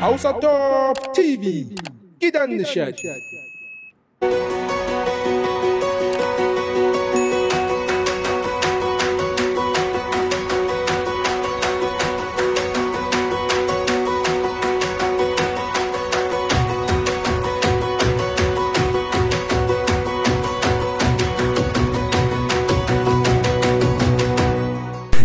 هاوس توب تي في كده النشاد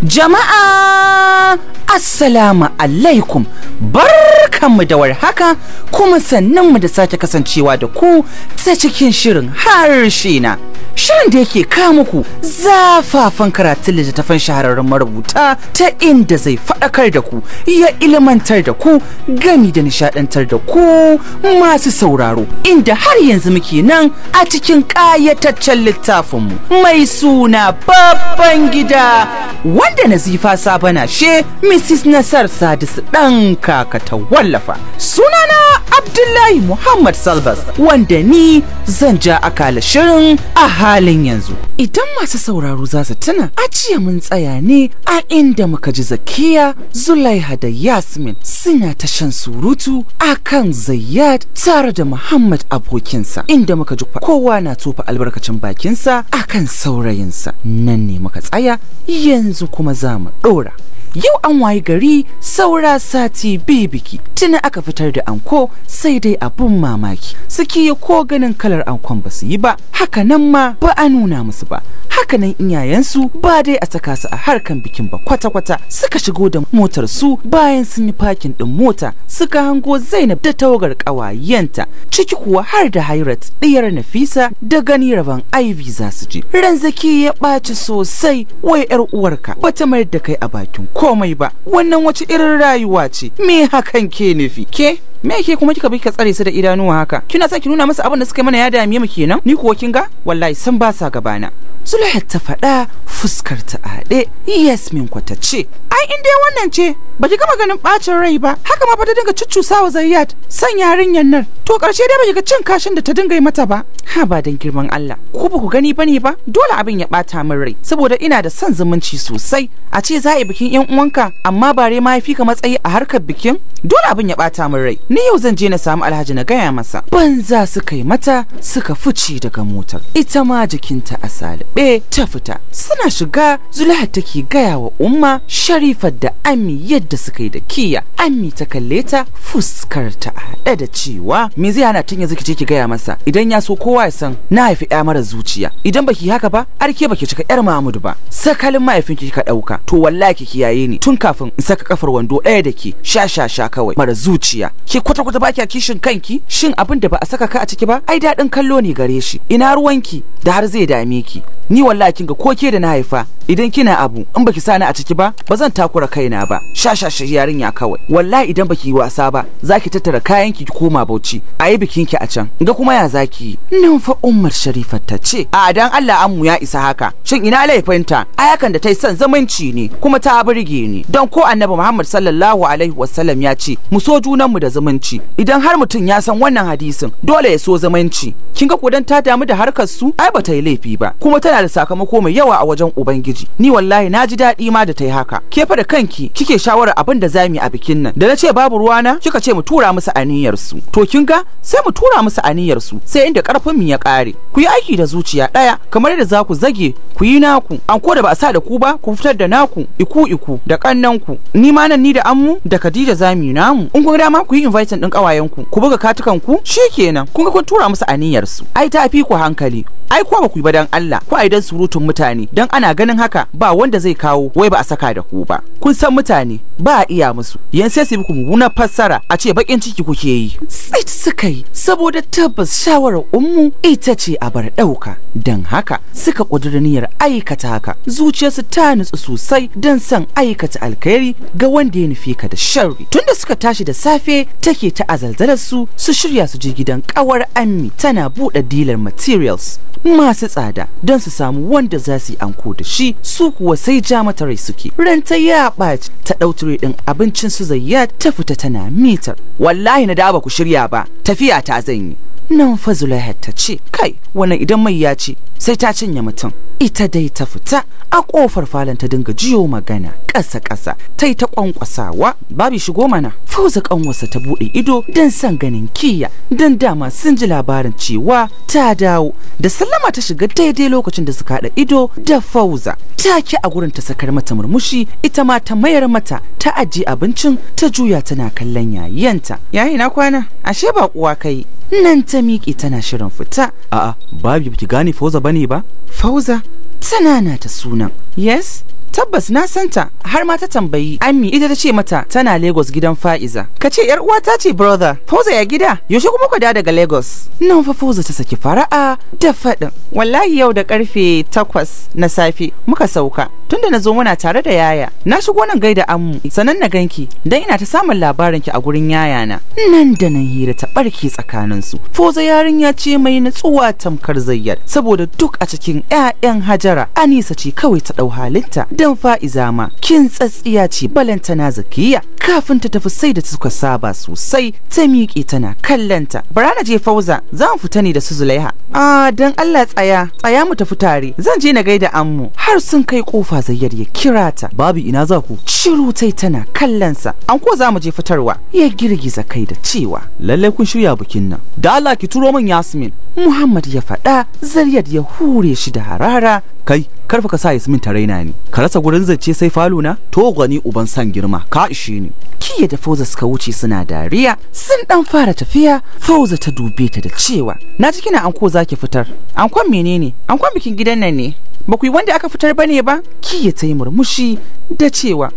جماعه Assalamu alaikum barkanmu da warhaka kuma sannanmu da sake kasancewa da ku ta cikin shirin harshe na shirin da yake kawo muku zafafan karatun littattafan shahararren marubuta ta inda zai faɗakar da ku ya ilimantar da ku gami da nishadantar da ku masu sauraro inda har yanzu muke nan a cikin ƙayataccen littafinmu mai suna babban gida wanda nazifa sabana she Miss Francis Nasar Sadis ɗan kaka ta wallafa. Sunana Abdullahi Muhammad Salbas wanda ni zan ja akala shirin a halin yanzu. Idan masu sauraro za su tuna, a jiya mun tsaya ne a inda muka ji Zakiya, Zulaiha da Yasmin suna ta shan surutu a kan Zayyad tare da Muhammad abokinsa inda muka ji kowa na tofa albarkacin bakinsa a kan saurayinsa. Nan ne muka tsaya yanzu kuma za mu ɗora. yau an wayi gari saura sati biyu biki tuni aka fitar da anko sai dai abun mamaki suke ya ko ganin kalar ankon ba su yi ba haka nan ma ba a nuna musu ba haka nan iyayensu ba dai a saka su a harkan bikin ba kwata-kwata suka shigo da motar su bayan sun yi fakin din mota suka hango zainab da tawagar ƙawayenta ciki kuwa har da hairat ɗiyar nafisa da gani rabon ivy za su je ranzaki ya ɓaci sosai wai 'yar uwarka bata mayar da kai a bakin ko komai ba wannan wace irin rayuwa ce me hakan ke nufi ke me ke kuma kika bi ka tsare su da idanuwa haka kina sa ki nuna masa abin da suka mana ya dame mu kenan ni kuwa kin ga wallahi san ba sa gabana Zulaihat ta faɗa fuskar ta haɗe Yasmin kwata ce ai in dai wannan ce ba ki gama ganin bacin rai ba haka ma ba ta dinga cuccusa wa zayyat san yarinyar nan to karshe dai ba ki ga cin kashin da ta dinga yi mata ba ha ba dan girman Allah ku ba ku gani bane ba dole abin ya bata min rai saboda ina da son zumunci sosai a ce za a yi bikin ƴan uwanka amma bare mahaifi ka matsayi a harkar bikin dole abin ya bata min rai ni yau zan je na samu alhaji na gaya masa banza suka yi mata suka fice daga motar ita ma jikinta a salibe ta fita suna shiga zulaha take gaya wa umma sharifar da ami yadda suka yi da kiya ami ta kalle ta fuskar ta haɗe da cewa me zai hana tun yanzu ki ki gaya masa idan ya so kowa ya san na haifi ya mara zuciya idan baki haka ba arke baki cika yar Mahmud ba sakalin mahaifin ki ka dauka to wallahi ki kiyaye ni tun kafin in saka kafar wando ɗaya da ke sha sha sha kawai mara zuciya ke kwata-kwata ba kya kishin kanki shin abin da ba a saka ka a ciki ba ai daɗin kallo ne gare shi ina ruwan ki? da har zai dame ki ni wallahi kinga ko ke da na haifa idan kina abu in baki sa ni a ciki ba ba zan takura kaina ba shashashe yarinya kawai wallahi idan baki wasa ba zaki tattara kayan ki koma Bauchi Ayi bikin ki a can ga kuma ya zaki nan fa Ummar Sharifa ta ce a dan Allah ammu ya isa haka shin ina laifinta ayakan da ta yi son zamanci ne kuma ta burge ni don ko Annabi Muhammad sallallahu alaihi wasallam ya ce mu so junanmu da zumunci idan har mutum ya san wannan hadisin dole ya so zumunci kin ga kudan ta damu da harkar su ai ba ta yi laifi ba kuma tana da sakamako mai yawa a wajen ubangiji ni wallahi na ji daɗi ma da ta yi haka ke fa da kanki kike shawarar abin da zamu yi a bikin nan da na ce babu na kika ce mu tura musu aniyar su to kin ga sai mu tura musu aniyar su sai inda karfin mu ya kare ku yi aiki da zuciya ɗaya kamar yadda za ku zage ku yi naku an ko da ba a sa da ku ba ku fitar da naku iku iku da kannanku ni ma nan ni da ammu da Khadija zamu yi namu in kun dama ku yi inviting din kawayen ku ku buga katukan ku shikenan kun ga kun tura musu aniyar su ai ta fi ku hankali ai kuwa ba ku yi ba dan Allah ku ai dan surutun mutane dan ana ganin haka ba wanda zai kawo wai ba a saka da ku ba kun san mutane ba a iya musu yan sai su muku na fassara a ce bakin ciki kuke yi tsit suka yi saboda tabbas shawarar ummu ita ce a bar dauka dan haka suka kudura niyyar aikata haka zuciyarsu ta nutsu sosai dan san aikata alkhairi ga wanda ya nufi ka da sharri tunda suka tashi da safe take ta azalzalar su su shirya su je gidan kawar ammi tana buɗe dilar materials masu tsada don su samu wanda za su yi anko da shi su kuwa sai ja mata rai suke ranta ya ɓaci ta ɗautare ɗin abincin su zayyad ta fita tana mitar wallahi na da ba ku shirya ba tafiya ta zan yi nan fa ta ce kai wannan idan mai ya ce sai ta cinye mutum ita dai ta fita a kofar falon ta dinga jiyo magana ƙasa ƙasa ta yi ta ƙwanƙwasawa babu shigo mana fauza ƙanwarsa ta buɗe ido don san ganin kiya don dama sun ji labarin cewa ta dawo da sallama ta shiga daidai lokacin da suka haɗa ido da fauza ta ki a gurin ta sakar mata murmushi ita ma ta mayar mata ta ajiye abincin ta juya tana kallon yayanta yayi na kwana ashe ba kuwa kai nan ta miƙe tana shirin fita a'a babu ki gane fauza bane sani ba fauza sanana ta sunan yes tabbas na santa har ma ta tambayi Ami ita ta ce mata tana Lagos gidan Fa'iza ka ce yar uwata ce brother Foza ya gida yaushe kuma ka da daga Lagos nan fa Foza ta saki fara'a da faɗin wallahi yau da karfe takwas na safe muka sauka tunda na zo muna tare da yaya na shigo nan gaida amu sanan na ganki dan ina ta samun labarin ki a gurin yaya na nan da nan hira ta barke tsakanin su foza yarinya ce mai nutsuwa tamkar zayyar saboda duk a cikin ƴaƴan hajara anisa ce kawai ta dau halinta da idan fa'iza ma kin tsatsiya ce balantana zakiya kafin ta tafi sai da suka saba sosai ta miƙe tana kallanta bara na je fauza za mu fita ne da su zulaiha a dan Allah tsaya tsaya mu tafi tare zan je na gaida ammu har sun kai kofa zayyar ya kira ta babu ina za ku shiru tai tana kallansa an ko za mu je fitarwa ya girgiza kai da cewa lallai kun shirya bikin nan da Allah ki turo min Yasmin Muhammad ya faɗa zaryar ya hure shi da harara kai karfa ka sa Yasmin ta raina ni ka rasa gurin zance sai falo na to gwani uban san girma ka ishe ni kiya da fauza suka wuce suna dariya sun dan fara tafiya fauza ta dube ta da cewa na ji kina anko zaki fitar ankon menene ankon bikin gidan nan ne ba ku yi wanda aka fitar bane ba kiya ta yi murmushi da cewa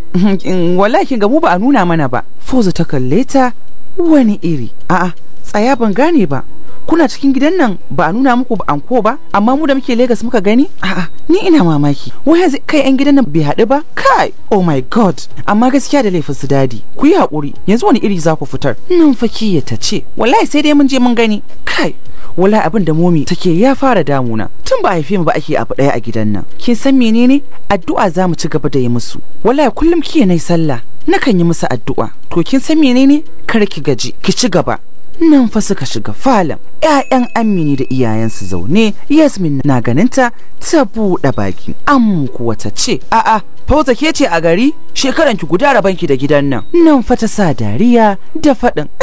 wallahi ga mu ba a nuna mana ba fauza ta kalle ta wani iri a'a tsaya ban gane ba kuna cikin gidan nan ba a nuna muku anko ba amma mu da muke Legas muka gani a'a ni ina mamaki waya kai yan gidan nan bai haɗu ba kai oh my god amma gaskiya da laifin su dadi ku yi haƙuri yanzu wani iri za ku fitar nan fakiya ta ce wallahi sai dai mun je mun gani kai wallahi abin da momi take ya fara damuna tun ba a haife mu ba ake abu ɗaya a gidan nan kin san menene addu'a za mu ci gaba da yi musu wallahi kullum na nayi sallah kan yi musu addu'a to kin san menene kar ki gaji ki ci gaba nan fa suka shiga falon ‘ya'yan amini da iyayensu zaune yasmin na ganinta ta buɗe baki an kuwa ta ce a'a fauza ke ce a gari shekaran ki guda rabanki da gidan nan nan fa ta sa dariya da faɗin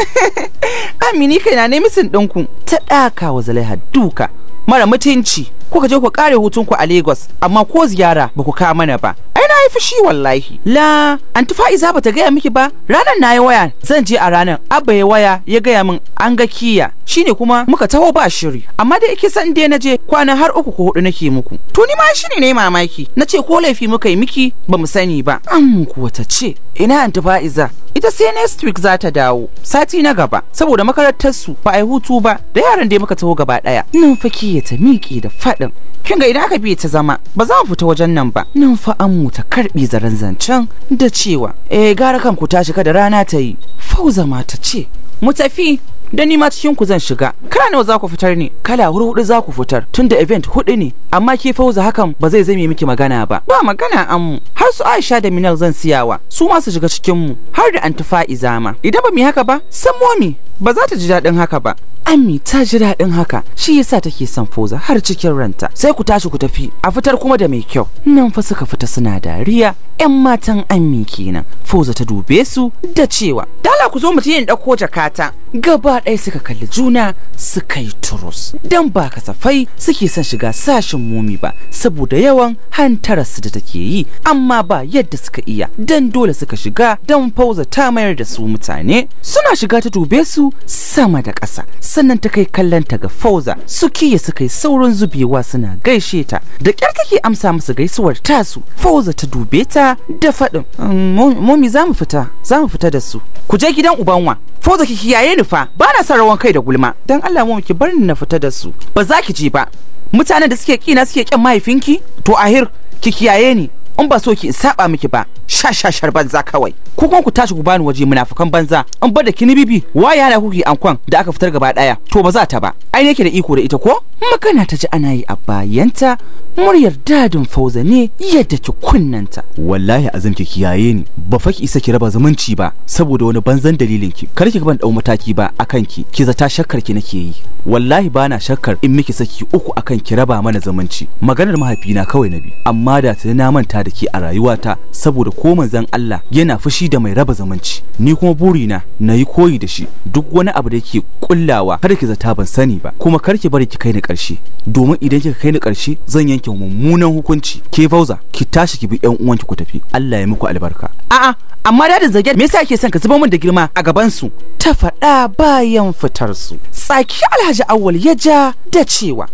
amini kai na nemisin ɗinku ta ɗaka wa zalaiha duka mara mutunci kuka je ku kare hutunku a Lagos amma ko ziyara ba ku kawo mana ba na yi fushi wallahi la anti fa'iza ta gaya miki ba ranar na yi waya zan je a ranar abba ya waya ya gaya min an ga kiya ne kuma muka taho ba shiri amma dai yake san dai na je kwana har uku ko hudu nake muku to ni ma shine ne mamaki na ce ko laifi muka yi miki ba mu sani ba an kuwa ta ce ina anti fa'iza ita sai next week za ta dawo sati na gaba saboda makarantar su ba a yi hutu ba da yaran ya muka taho gaba daya numfaki kiyata ta miƙe da faɗin kinga ga idan aka bi ta zama ba za mu fita wajen nan ba nan fa an mu karbi zaren zancen da cewa eh gara kan ku tashi kada rana ta yi fauza ma ta ce mu tafi da ni ma cikin ku zan shiga kala nawa za ku fitar ne kala hurhudu za ku fitar tunda event hudu ne amma ke fauza hakan ba zai zame miki magana ba ba magana an mu har su Aisha da Minal zan siyawa su ma su shiga cikin mu har da Antifa Izama idan ba mu haka ba san momi ba za ta ji daɗin haka ba Ami ta ji daɗin haka shi yasa take son foza har cikin ranta sai ku tashi ku tafi a fitar kuma da mai kyau nan fa suka fita suna dariya 'yan matan ammi kenan fauza ta dube su da cewa dala ku zo mu yin ɗauko jakata gaba ɗaya suka kalli juna suka yi turus dan ba kasafai suke son shiga sashin momi ba saboda yawan hantararsu da take yi amma ba yadda suka iya dan dole suka shiga don fauza ta mayar da su mutane suna shiga ta dube su sama da ƙasa sannan ta kai kallon ta ga fauza su kiya suka yi saurin zubewa suna gaishe ta da ƙyar take amsa musu gaisuwar tasu fauza ta dube ta da faɗin mm, momi za mu fita za mu fita da su ku je gidan ubanwa da ki kiyaye ni fa ba na son rawan kai da gulma dan Allah momi ki bar ni na fita da su ba za ki ji ba mutanen da suke kina suke kyan mahaifinki to ahir ki kiyaye ni in ba so ki saba miki ba sha sha sharban banza kawai ku ku tashi ku bani waje munafukan banza an bada kini bibi waye hana kuke ankon da aka fitar gaba daya to ba za ta ba ai yake da iko da ita ko magana ta ji ana yi a bayanta muryar dadin fauza ne yadda ki kunnanta wallahi azumki ki kiyaye ni ba fa ki isa ki raba zumunci ba saboda wani banzan dalilin ki kar ki ban dau mataki ba akan ki ki zata shakkar ki nake yi wallahi bana shakkar in miki saki uku akan ki raba mana zumunci maganar na kawai nabi amma da tuni na manta da ki a rayuwata saboda ko manzon Allah yana fushi zumunci da mai raba zumunci ni kuma burina na yi koyi da shi duk wani abu da yake kullawa kada ki zata ban sani ba kuma kar ki bari ki kai ni ƙarshe domin idan kika kai ni ƙarshe zan yanke mummunan hukunci ke fauza ki tashi ki bi uwan ki ku tafi Allah ya muku albarka a'a amma da da zage me yasa yake son ka zuba min da girma a gaban su ta faɗa bayan fitar su tsaki Alhaji Awwal ya ja da cewa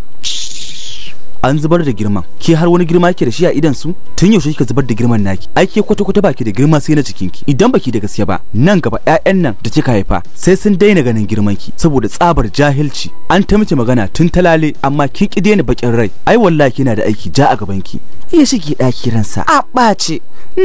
an zubar da girman ke har wani girma yake da shi a idan su tun yaushe kika zubar da girman naki ai ke kwata kwata baki da girma sai na cikin ki. idan baki da gaskiya ba nan gaba ƴaƴan nan da kika haifa sai sun daina ganin girman ki saboda tsabar jahilci an ta miki magana tun talale amma kin ki daina bakin rai ai wallahi kina da aiki ja a gaban ki. ya shige daki ransa a ɓace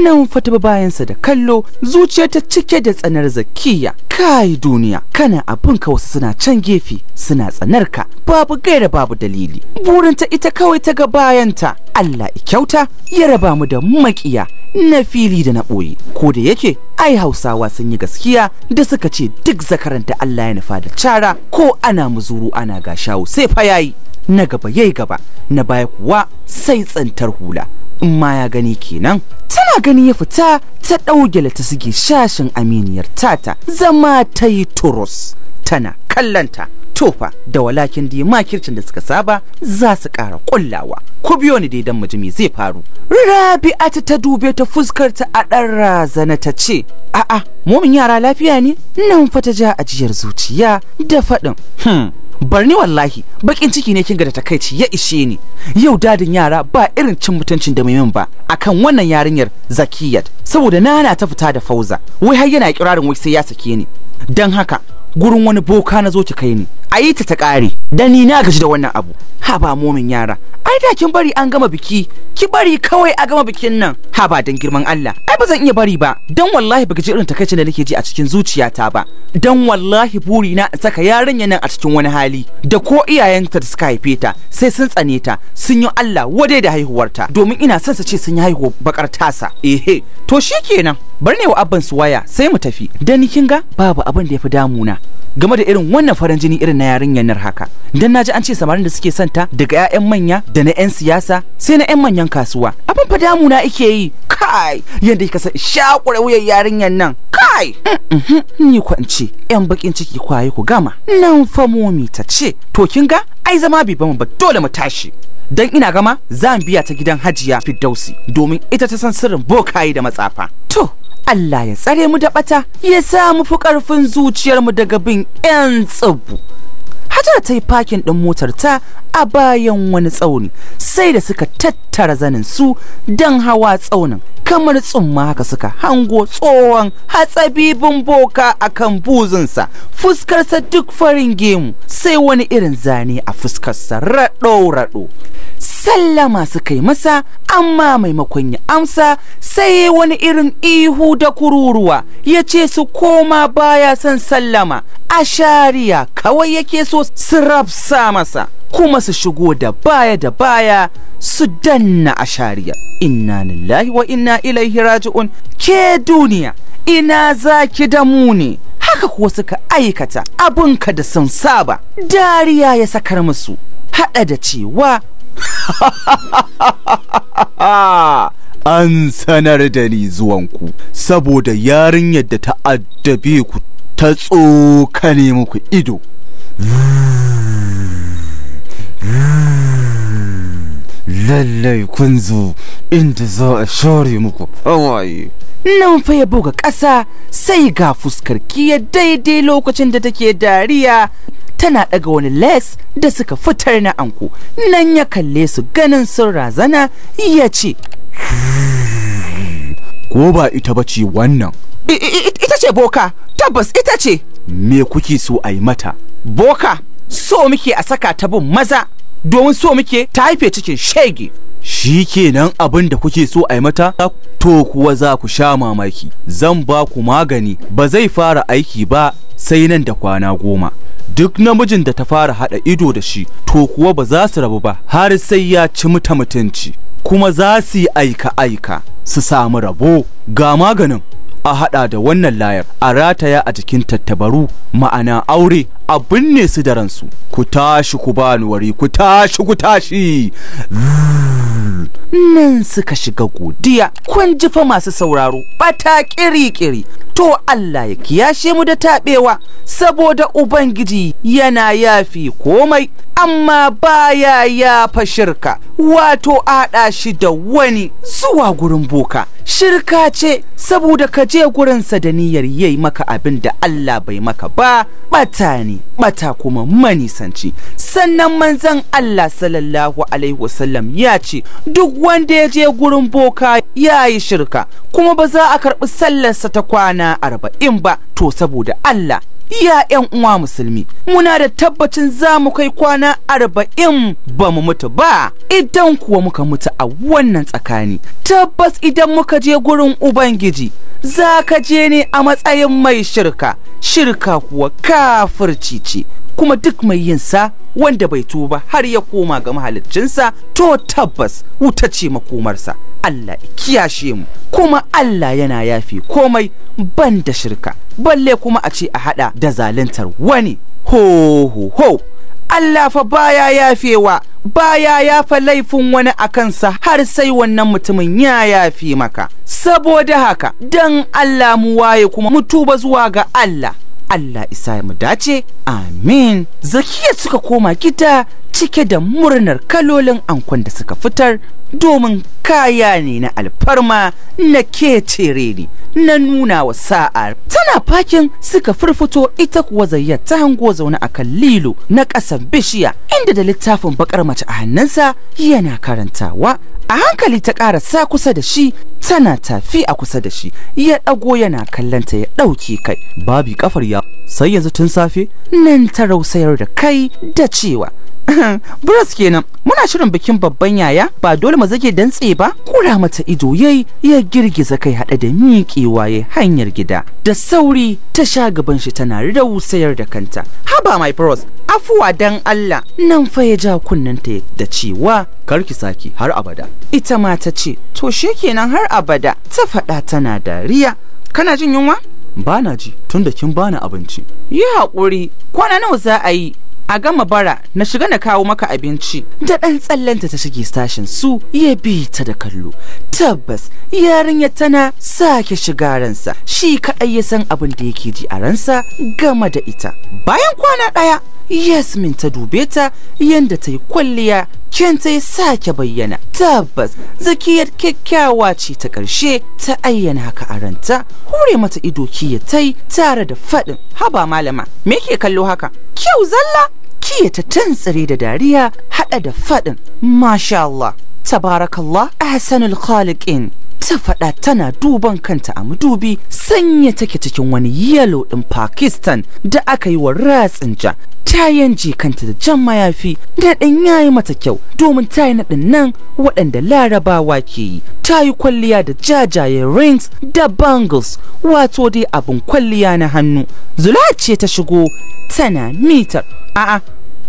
nan fata bayansa da kallo zuciya ta cike da tsanar zakiya kai duniya kana abin ka wasu suna can gefe suna tsanar ka babu gaira babu dalili burinta ita kawai kawai ta ga bayanta Allah kyauta ya raba mu da makiya na fili da na ɓoye ko da yake ai hausawa sun yi gaskiya da suka ce duk da Allah ya nufa da cara ko ana muzuru ana ga shawo sai fa yayi na gaba yayi gaba na baya kuwa sai tsantar hula in ma ya gani kenan tana gani ya fita ta ɗaugela ta sige shashin aminiyar tata zama ta yi turus tana kallanta tofa da walakin da makircin da suka saba za su ƙara ƙullawa ku biyo ni dai dan mu ji zai faru rabi'atu ta dube ta fuskarta a ɗan razana ta ce a'a momin yara lafiya ne nan fa ta ja ajiyar zuciya da faɗin hmm. barni wallahi bakin ciki ne kinga da takaici ya ishe ni yau dadin yara ba irin cin mutuncin da min ba akan wannan yarinyar zakiyat saboda na ta fita da fauza wai har yana kirarin wai sai ya sake ni don haka gurin wani boka na zo ki kai ni a yi ta ta ƙare da ni na gaji da wannan abu ha momin yara ai da kin bari an gama biki ki bari kawai a gama bikin nan ha ba dan girman Allah ai ba zan iya bari ba dan wallahi baka ji irin takaicin da nake ji a cikin zuciyata ba dan wallahi buri na in saka yarinya nan a cikin wani hali da ko iyayenta da suka haife ta sai sun tsane ta sun yi Allah wadai da haihuwarta domin ina son su ce sun yi haihuwa bakar tasa ehe to shikenan bar ne wa abban su waya sai mu tafi dan kin ga babu abin da ya fi damuna game da irin wannan farin jini irin na yarinyar nan haka dan naji an ce samarin da suke santa daga 'ya'yan manya da na 'yan siyasa sai na 'yan manyan kasuwa abin fa damuna ike yi kai yadda kika san shakure wuyan yarinyar nan kai ni kwance 'yan bakin ciki kwaye ku gama nan fa momi ta ce to kin ga ai zama bai bamu ba dole mu tashi dan ina gama zan biya ta gidan hajiya Firdausi domin ita ta san sirrin bokaye da matsafa to Allah ya tsare mu da bata ya sa mu fi karfin zuciyarmu daga bin ƴan tsibbu. Hajara ta yi fakin ɗin motar ta a bayan wani tsauni sai da suka tattara zanin su don hawa tsaunin kamar tsumma haka suka hango tsohon hatsabibin boka a kan buzinsa fuskarsa duk farin gemu sai wani irin zane a fuskarsa raɗo-raɗo sallama suka yi masa amma maimakon ya amsa sai wani irin ihu da kururuwa ya ce su koma baya son sallama a shariya kawai yake so su rafsa masa kuma su shigo da baya da baya su danna ashariya inna lillahi wa inna ilaihi raji'un ke duniya ina zaki da mu ne haka kuwa suka aikata abinka da sun saba dariya ya sakar musu haɗa da cewa an sanar da ni zuwanku saboda yarinyar da ta addabe ku ta tsokane muku ido lallai kun zo inda za a share muku hawaye nan faya buga ƙasa sai ga fuskar kiya daidai lokacin da take dariya tana ɗaga wani les da suka fitar na anku nan ya kalle su ganin sun razana ya ce ko ba ita ba ce wannan ita ce boka tabbas ita ce me kuke so a yi mata boka so muke a saka ta bin maza domin so muke ta haife cikin shege shi kenan abin da kuke so a yi mata to kuwa za ku sha mamaki zan ba ku magani ba zai fara aiki ba sai nan da kwana goma duk namijin da ta fara haɗa ido da shi to kuwa ba za su rabu ba har sai ya ci muta mutunci kuma za su yi aika-aika su samu rabo ga maganin a haɗa da wannan layar a rataya a jikin tattabaru ma'ana aure Abin ne su da ransu ku tashi ku bani wari ku tashi ku tashi nan suka shiga godiya kun jifa masu sauraro ɓata kiri-kiri to Allah ya kiyashe mu da taɓewa saboda Ubangiji yana yafi komai amma baya yafa shirka wato aɗa shi da wani zuwa gurin boka shirka ce saboda ka je gurinsa da niyyar yayi maka abin da Allah bai maka ba ɓata ne bata kuma manisanci sannan manzan Allah sallallahu alaihi wasallam ya ce duk wanda ya je gurin boka ya yi shirka kuma ba za a karɓi sallarsa ta kwana arba'in ba to saboda Allah ya 'yan uwa musulmi muna da tabbacin za mu kai kwana arba'in ba mu mutu ba idan kuwa muka mutu a wannan tsakani tabbas idan muka je gurin ubangiji za ka je ne a matsayin mai shirka shirka kuwa kafirci ce kuma duk mai yinsa wanda bai tuba har ya koma ga mahaliccinsa to tabbas wuta ce makomarsa Allah kiyashe mu kuma Allah yana yafi komai ban da shirka balle kuma a ce a hada da zaluntar wani ho ho ho Allah fa baya yafewa baya yafa laifin wani a kansa har sai wannan mutumin ya yafe maka saboda haka dan Allah mu waye kuma mu tuba zuwa ga Allah Allah isa mu dace amin zakiya suka koma gida cike da murnar kalolin ankon da suka fitar domin kaya ne na alfarma na kecere ne na nuna wa sa'ar tana fakin suka firfito ita kuwa zayyar ta hango zaune a kan lilo na ƙasar bishiya inda da littafin baƙar mace a hannunsa yana karantawa a hankali ta sa kusa da shi tana tafi a kusa da shi ya ɗago yana kallanta ya ɗauke kai babi kafar ya sai yanzu tun safe nan ta rausayar da kai da cewa Bros kenan muna shirin bikin babban yaya ba dole mu zage dantse ba kura mata ido yayi ya girgiza kai hada da miƙewa yayi hanyar gida da sauri ta sha gaban shi tana rausayar da kanta haba my bros afuwa dan Allah nan fa ya ja kunnanta da cewa "Kar ki saki har abada ita ma ta ce to kenan har abada ta faɗa tana dariya kana jin yunwa bana ji tunda kin bani abinci yi haƙuri kwana nawa za a yi a gama bara na shiga na kawo maka abinci da ɗan tsallanta ta shige sashin su ya bi ta da kallo tabbas yarinya tana sake shiga ransa shi kaɗai ya san abin da yake ji a ransa gama da ita bayan kwana ɗaya yasmin ta dube ta yadda ta yi kwalliya kenta ya sake bayyana tabbas zakiyar kyakkyawa ce ta ƙarshe ta ayyana haka a ranta hure mata ido kiya ta yi tare da faɗin haba malama me ke kallo haka kyau zalla kiya ta tantsare da dariya haɗa da faɗin masha Allah tabarakallah ahsanul khaliqin ta faɗa tana duban kanta a madubi sanya take cikin wani yalo ɗin pakistan da aka yi wa ratsin ja ta yanje kanta da jan mayafi da ɗan yayi mata kyau domin ta yi naɗin nan waɗanda larabawa ke yi ta yi kwalliya da jajayen rings da bangles wato dai abin kwalliya na hannu zula ce ta shigo tana mitar a'a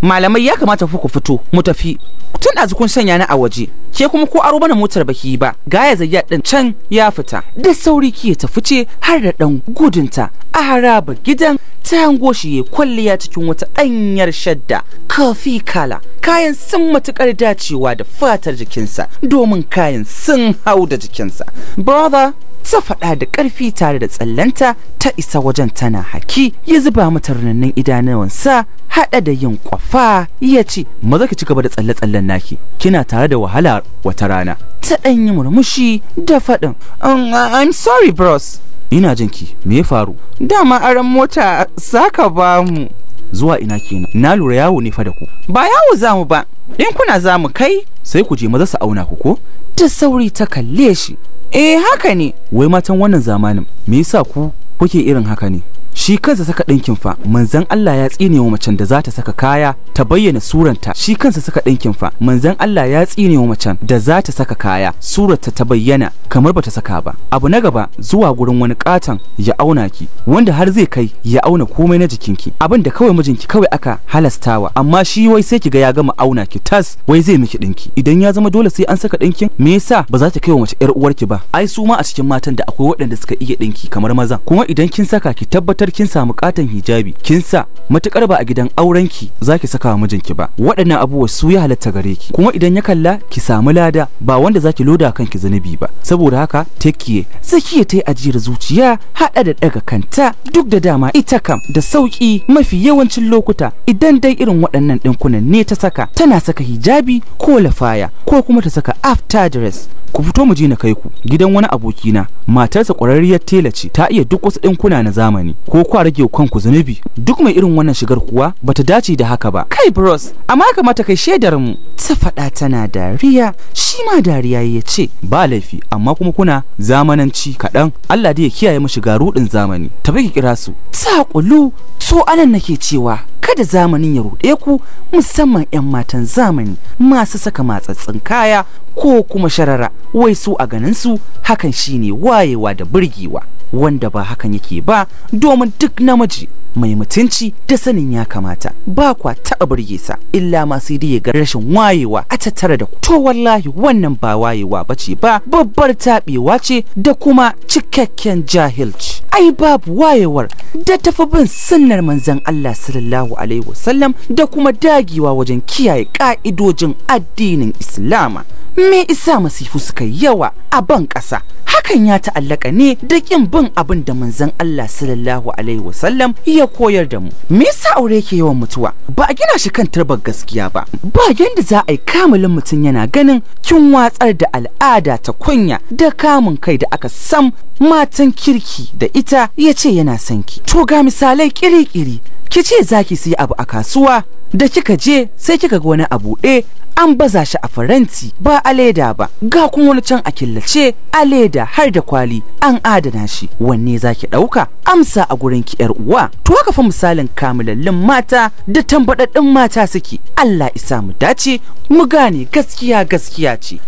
malamai ya kamata ku fito mu tafi tun a kun sanya ni a waje ke kuma ko aro mana motar baki ba gaya zayyar din can ya fita da sauri ki ta fice har da dan gudunta a haraba gidan ta hango shi ya kwalliya cikin wata ɗanyar shadda kafi kala kayan sun matukar dacewa da fatar jikinsa domin kayan sun hau da jikinsa brother ta faɗa da ƙarfi tare da tsallanta ta isa wajen tana haki ya zuba mata runannun idanuwansa haɗa da yin kwafa ya ce maza ki ci gaba da tsalle-tsallen naki kina tare da wahala wata rana ta ɗan yi murmushi da faɗin um, I'm sorry bros ina jinki me ya faru dama aran mota saka ba mu zuwa ina kenan na lura yawo ne fa da ku ba yawo za mu ba in kuna za mu kai sai ku je maza su auna ku ko da sauri ta kalle shi eh haka ne wai matan wannan zamanin me yasa ku kuke irin haka ne shi kansa saka ɗinkin fa manzan Allah ya tsine wa macen da za ta saka kaya ta bayyana suranta shi kansa saka ɗinkin fa manzan Allah ya tsine wa macen da za ta saka kaya surarta ta bayyana kamar bata saka ba abu na gaba zuwa gurin wani katon ya auna ki wanda har zai kai ya auna komai na jikinki abin da kawai mijinki kawai aka halastawa amma shi wai sai kiga ya gama auna ki tas wai zai miki ɗinki idan ya zama dole sai an saka ɗinkin me yasa ba za ta kai wa mace yar uwarki ba ai su ma a cikin matan da akwai waɗanda suka iya ɗinki kamar maza kuma idan kin saka ki tabbatar matukar kin samu katon hijabi kin sa matukar ba a gidan aurenki zaki saka wa mijinki ba waɗannan abubuwa su ya halatta gare ki kuma idan ya kalla ki samu lada ba wanda zaki loda kanki zanubi ba saboda haka tekiye sakiye ta yi ajiyar zuciya haɗa da ɗaga kanta duk da dama ita kam da sauƙi mafi yawancin lokuta idan dai irin waɗannan ɗinkunan ne ta saka tana saka hijabi ko lafaya ko kuma ta saka after dress ku fito mu je na kai ku gidan wani abokina matarsa ƙwararriyar tela ce ta iya duk wasu ɗinkuna na zamani ko ku rage kanku zunubi duk mai irin wannan shigar kuwa bata dace da haka ba kai bros amma kamata kai shaidar mu ta faɗa tana dariya shi ma dariya ya ce ba laifi amma kuma kuna zamananci kaɗan Allah da ya kiyaye mu shiga ruɗin zamani ta bai kira su ta kulu to anan nake cewa kada zamanin ya ruɗe ku musamman 'yan matan zamani masu saka matsatsin kaya ko kuma sharara wai su a ganin su hakan shine wayewa da burgewa wanda ba hakan yake ba domin duk namiji mai mutunci da sanin ya kamata ba kwa taɓa burge sa illa ma sai dai ga rashin wayewa a tattare da ku to wallahi wannan ba wayewa bace ba babbar taɓewa ce da kuma cikakken jahilci ai babu wayewar da tafi bin sunnar manzon Allah sallallahu alaihi wasallam da kuma dagewa wajen kiyaye ka'idojin addinin Islama me isa masifu suka yi yawa a ban ƙasa hakan ya ta'allaka ne da ƙin bin abin da manzon Allah sallallahu alaihi wasallam ya koyar da mu me yasa aure yake yawan mutuwa ba a gina shi kan tarbar gaskiya ba ba yanda za a yi kamalin mutum yana ganin kin watsar da al'ada ta kunya da kamun kai da aka sam matan kirki da ita ya ce yana sanki to ga misalai kiri-kiri ki ce za ki siya abu a kasuwa da kika je sai kika ga wani abu buɗe an baza shi a faranti ba a leda ba ga kuma wani can a killace a leda har da kwali an adana shi wanne za ki ɗauka amsa a gurin ki yar uwa to haka fa misalin kamilallin mata da tambaɗaɗɗin mata suke Allah isa mu dace mu gane gaskiya gaskiya ce.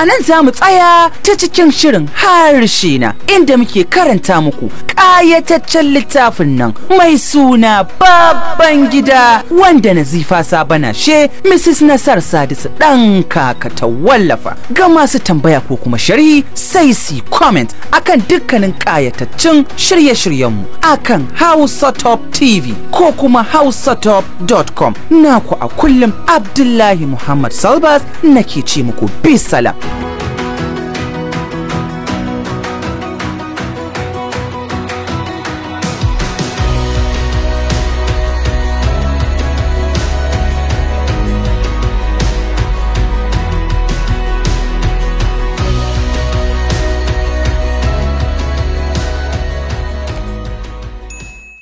a za mu tsaya ta cikin shirin harshe na inda muke karanta muku ƙayataccen littafin nan mai suna babban gida wanda nazifa sabana she mrs nasar sadisu ɗan kaka ta wallafa ga masu tambaya ko kuma sharhi sai su comment akan dukkanin ƙayataccen shirye-shiryenmu akan hausa top tv ko kuma hausatop.com naku a kullum abdullahi muhammad salbas nake ce muku bisalam you